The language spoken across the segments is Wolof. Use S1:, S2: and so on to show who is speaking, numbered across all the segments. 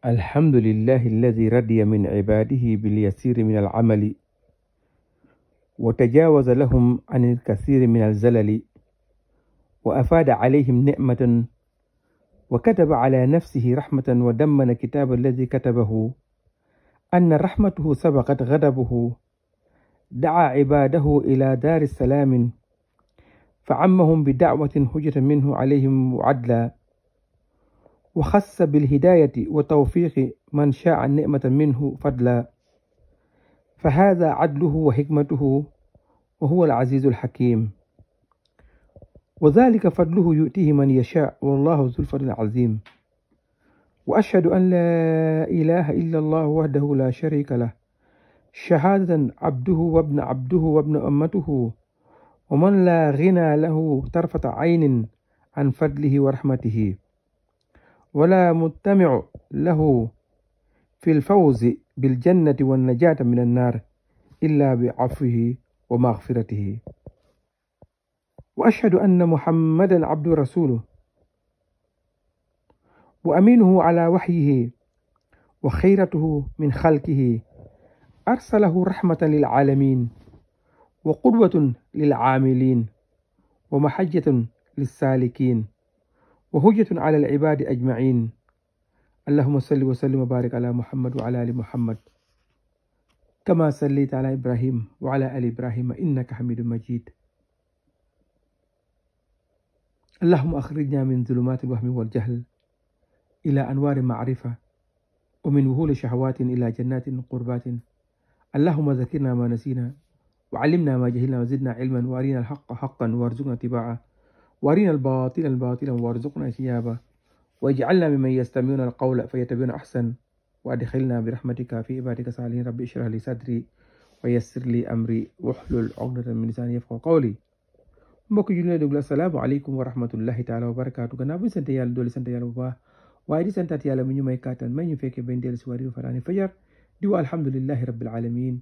S1: الحمد لله الذي رضي من عباده باليسير من العمل وتجاوز لهم عن الكثير من الزلل وأفاد عليهم نعمة وكتب على نفسه رحمة ودمن كتاب الذي كتبه أن رحمته سبقت غضبه دعا عباده إلى دار السلام فعمهم بدعوة حجة منه عليهم وعدلا وخص بالهداية وتوفيق من شاء نعمة منه فضلا فهذا عدله وحكمته وهو العزيز الحكيم وذلك فضله يؤتيه من يشاء والله ذو الفضل العظيم وأشهد أن لا إله إلا الله وحده لا شريك له شهادة عبده وابن عبده وابن أمته ومن لا غنى له طرفة عين عن فضله ورحمته ولا مجتمع له في الفوز بالجنة والنجاة من النار إلا بعفوه ومغفرته وأشهد أن محمدا عبد رسوله وأمينه على وحيه وخيرته من خلقه أرسله رحمة للعالمين وقدوة للعاملين ومحجة للسالكين وهجة على العباد أجمعين اللهم صل وسلم وبارك على محمد وعلى آل محمد كما صليت على إبراهيم وعلى آل إبراهيم إنك حميد مجيد اللهم أخرجنا من ظلمات الوهم والجهل إلى أنوار معرفة ومن وهول شهوات إلى جنات قربات اللهم ذكرنا ما نسينا وعلمنا ما جهلنا وزدنا علما وارينا الحق حقا وارزقنا اتباعه وارنا الباطل باطلا وارزقنا اجتنابه واجعلنا ممن يستمعون القول فيتبعون احسن وادخلنا برحمتك في عبادك الصالحين ربي اشرح لي صدري ويسر لي امري واحلل عقدة من لساني يفقهوا قولي mbokk julli déglu assalaamu aleykum wa rahmatullahi taala wa barakaatu gannaaw bu ñu sant yàlla dooli sant yàlla bu baax waaye di santaat yàlla mi ñu may kàttan may ñu fekkee bañ dellu si waari fanaani fajar di wa alhamdulillahi rabbil alamin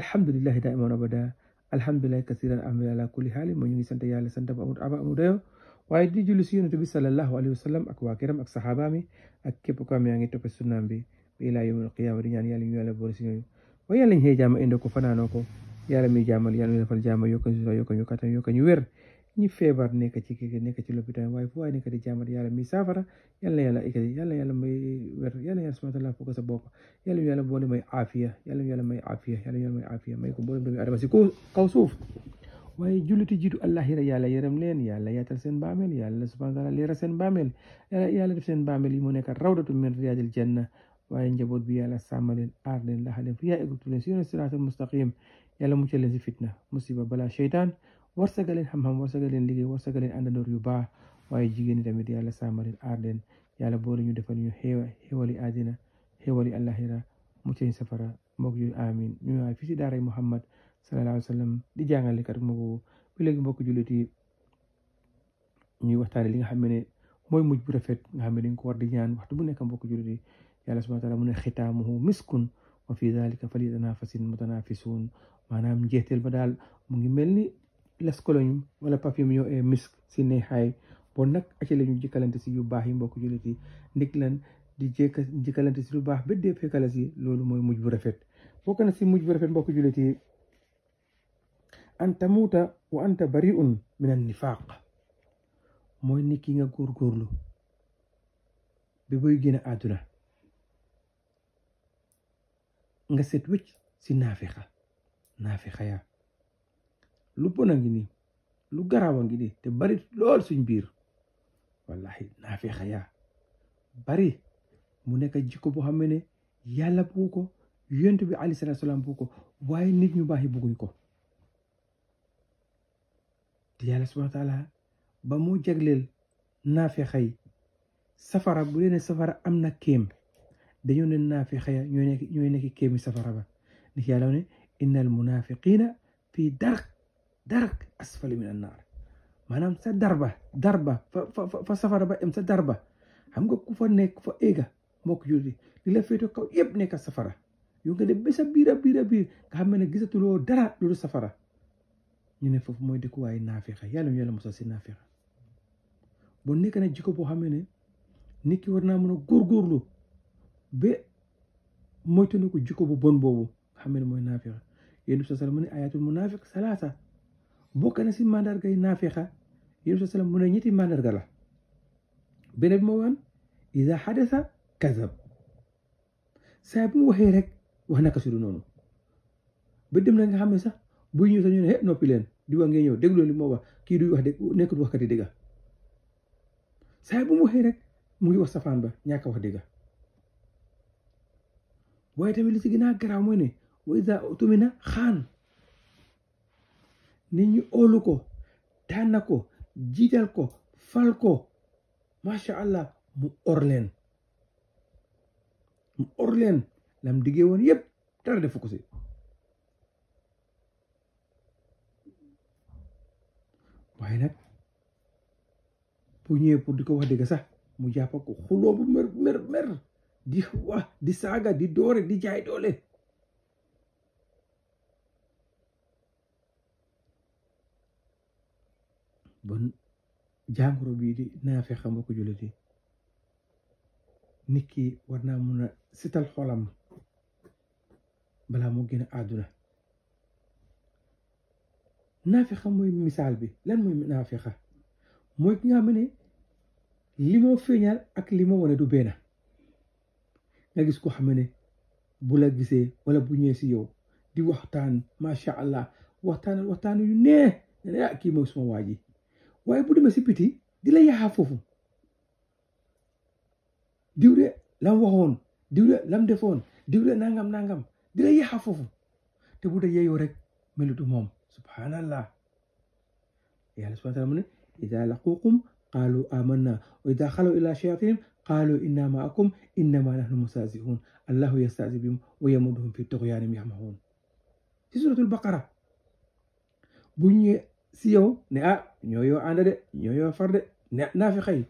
S1: alhamdulillahi daiman abada alhamdulillahi kasiran amri ala kulli xaali moo ñu ngi sant yàlla sant bu amul aba amul dayo waaye di julli si yonent bi sallallahu alayhi wa sallam ak waa këram ak saxaabaami ak képp ko am yaa ngi toppe sunnaam bi ba ilaa yawmil qiyaama di ñaan yàlla ñu yàlla boole si ñooñu wa yàlla ñu xëy jaama inde ko fanaanoo ko yàlla mi jaamal yàlla ñu defal jaama yokk ñu wér ñi feebar nekk ci nekk ci lopitaan waaye fu waaye nekk di jamar yàlla mi safara yàlla yàlla ikati yàlla yàlla may wér yàlla yàlla subhanahu wa taala foko sa bop yàlla yàlla boole may aafiya yàlla yàlla may aafiya yàlla yàlla may aafiya may ko boole doomi adama si kaw suuf waaye jitu allah àllaaxira yàlla yaram len yàlla yatal sen bamel yàlla subhanahu wa taala leeral seen bamel yàlla yalla def sen bamel yi mo nekk rawdatu min riyadil janna way njabot bi yàlla sàmm leen aar leen laxa leen fu yaa eggutu leen si mustaqim yàlla mu ci len ci fitna musiba bala shaytan warsagalen leen xam-xam warsagal leen liggéey warsagal leen àndandoor yu baax waaye jigéen ñi tamit yàlla sàmm leen aar leen yàlla boole ñu defal ñu xéewa adina àddina xéewali àllaaxira muccañ safara mbokk yu amin ñu waay fii si daaray muhammad sallallahu alayhi wa sallam di jàngalekat mbokk bi léegi mbokk jullit yi ñuy waxtaane li nga xam ne mooy bu rafet nga xam ne dañ ko war di ñaan waxtu bu nekk mbokk jullit yi yàlla subhaana taala mu ne miskun wa fi dalika fali tanafasin mutanafisuun maanaam njeexteel ba daal mu ngi mel leskolonium wala papium e eh, misk si neexaay bon nag aci la ñu jëkkalante si yu baax yi mbokk jullit yi ndik lan di jékka jëkkalante si lu baax ba dee fekkala si loolu mooy mujj bu rafet bokk na si mujj bu rafet mbokk jullit yi an tamuuta wa anta bariun min an nifaaq mooy nit ki nga góorgóorlu bi boy génn àdduna nga set wëcc si naafiqa naafiqa yaa lu bon a ngi nii lu garaaw ngi nii te bari lool suñ biir wallahi naafeex yaa bari mu nekk jikko boo xam ne yàlla bu ko yonent bi alayhi salaatu salaam bu ko waaye nit ñu baax yi bëgguñ ko te yàlla subhaana taala ba mu jagleel naafeex yi safara bu dee ne safara am na kéem dañoo ne naafeex ya ñooy nekk ñooy safara ba ndax yàlla ne innal munaafiqiina fii dark darak asfali min annaar maanaam sa darba darba fa fa safara ba em sa darba xam nga ku fa nekk fa éega mbokk julli li la féetoo kaw yëpp nekk safara yow nga dem ba biir a biir a biir nga xam ne gisatuloo dara loolu safara ñu ne foofu mooy dëkkuwaay naafixa yàlla yàlla mosal si naafixa bon nekk na jikko boo xam ne nit ki war naa mën a góorgóorlu ba moytu na ko jikko bu bon boobu xam ne mooy naafixa yéen bi sa sala mu ne ayatul bokk na si mandarga yi naafiqa yonent bi salaam mu ne ñetti mandarga la beneen bi moo waan iza sa kazab saa bu mu waxee rek wax naka su du noonu ba dem na nga xam ne sax buy ñëw sax ñu ne he noppi leen di wax ngeen ñëw déglu li moo wax kii du wax dëgg nekkul wax kat yi dëgg bu mu waxee rek mu ngi wax safaan ba ñàkk wax dëgg waaye tamit li si gën a garaaw mooy ne wa tumina xaan nit ñu óolu ko tànn ko jiital ko fal ko macha allah mu or leen mu or leen lam diggee woon yëpp dara defu ko si waaye nag bu ñëwee pour di ko wax dëgg sax mu jàpp ko xuloo mer mer mer di wax di saaga di doore di jaay doole bon jàngoro bii di naafeq mbokku jullit yi nit ki war naa mun a sital xolam balaa mu gën a àdduna naafeqa mooy misaal bi lan mooy naafeqa mooy ki nga xam ne li ak li moo wane du benn nga gis ko xam ne bu gisee wala bu ñëwee si yow di waxtaan macha allah waxtaan waxtaan yu nee ne ah, kii mooy suma ji waaye bu demee si piti di la yaxaa foofu diw de lam waxoon diw de lam defoon diw de nangam nangam di la yaxaa foofu te bu dee yeeyoo rek melutu moom subhanallah yàlla subhana taala mu ne ida laquukum qaalu amanna wa ida xalaw ila shayatinihim qaalu inna maakum innama nahnu mustaziun allahu yastazi bihim wa yamuduhum fi toxyaanim yaxmahuun si suratul baqara bu ñëwee si yow ne ah ñoo yoo ànd de ñoo yoo far de ne naa fi xëy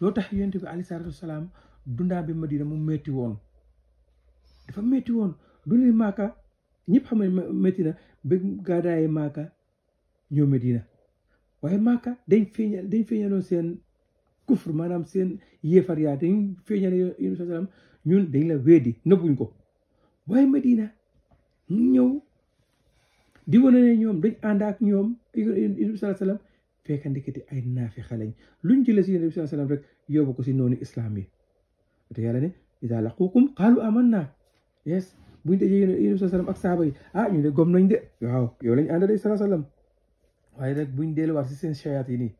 S1: loo tax yonent bi aleyhi dundaa bi Madina mu metti woon dafa metti woon dundee Maaka ñëpp xam ne metti na ba gàddaayi Maaka ñëw Madina waaye Maaka dañ feeñal dañ feeñaloon seen kufr maanaam seen yéefar yaa dañ feeñal yonent bi ñun dañ la weddi nëbbuñ ko waaye Madina ñu ñëw di wane ne ñoom dañ ànd ak ñoom yonent bi sallallahu alayhi ay naafiqa lañ luñ jëlee si yonent bi sallallahu alayhi rek yóbbu ko si noonu islam yi te yàlla ne idaa laquukum qaalu amanna yes buñ dajee yonent bi sallallahu ak saaba yi ah ñu ne gom nañ de waaw yow lañ àndal sallallahu alayhi wasallam waaye nag buñ delluwaat si seen shayaat yi nii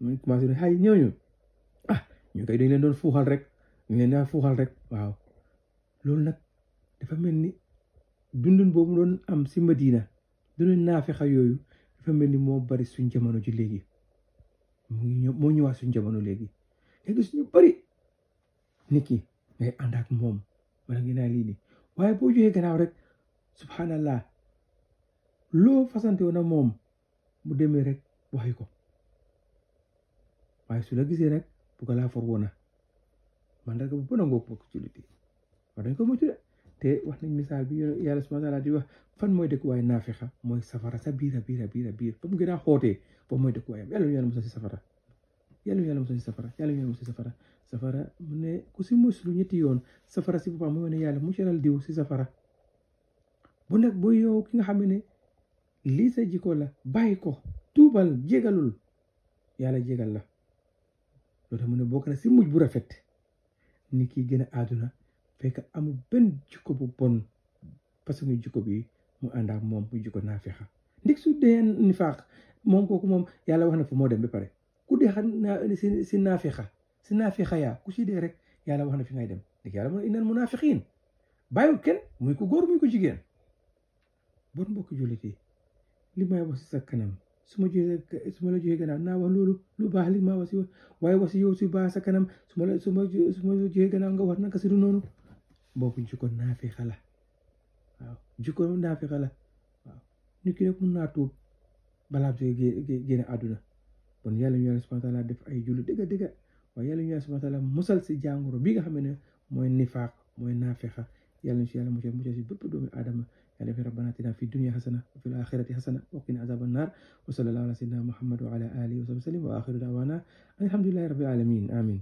S1: mu commencé ne ah, ñu koy dañ leen doon fuuxal rek ñu fuuxal rek waaw loolu nag dafa mel dundun boobu doon am si Madina naa naafexa yooyu dafa mel ni moo bari suñ jamono ji léegi moo ñëwaat suñ jamono léegi léegi suñu bari nit ki ngay ànd ak moom wala ngi naa lii nii waaye boo joxee gannaaw rek subhanallah loo fasante woon ak moom mu demee rek waxi ko waaye su la gisee rek bu laa for woona man rek bu bon a bokk ci lu war dañ ko moytu de te wax nañ misaal bi yéen yàlla subhaana taala di wax fan mooy dëkkuwaay naafixa mooy safara sa biir a biir a biir a biir ba mu gën a xootee boobu mooy dëkkuwaayam yàlla yàlla musal si safara yàlla yàlla musal si safara yàlla yàlla musal si safara safara mu ne ku si ñetti yoon safara si boppam mu ne yàlla mucalal diw si safara bu nag boo yow ki nga xam ne lii sa jikko la bàyyi ko tuubal jégalul yàlla jégal la loolu tax mu ne bokk na si mujj bu rafet ni kii gën a àdduna fekk amu ben jikko bu bon façon jikko bi mu anda ak moom muy jikko nafiha ndik su de nifaq mom koku mom yalla wax na fu mo dem ba pare ku de xam naa si si naafixa si nafiha ya ku ci de rek yalla wax na fi ngay dem ndik yalla mu inal munafiqin bayu ken muy ko gor muy ko jigen bon mbok jullit yi li may ya wax sa kanam suma ma jëlee su la joxee gannaaw na wax lolu lu baax li ma wax si yow si baax sa kanam suma la su ma nga wax nak si nonu boobu jukon naafixa la waaw jukon naafixa la waaw ni ki rek na tu bala ge ge génne aduna bon yalla ñu subhanahu wa taala def ay julu dega dega wa yalla ñu subhanahu wa taala musal si janguro bi nga xamene moy nifaq moy nafiha yalla yàlla ñu si yàlla musal musal si bépp doomi aadama yàlla fi rabbana atina fi dunya hasana wa fil akhirati hasana wa qina azaban nar wa sallallahu ala sayyidina muhammad wa ala alihi wa wa sallam wa akhiru da'wana alhamdulillahi rabbil alamin amin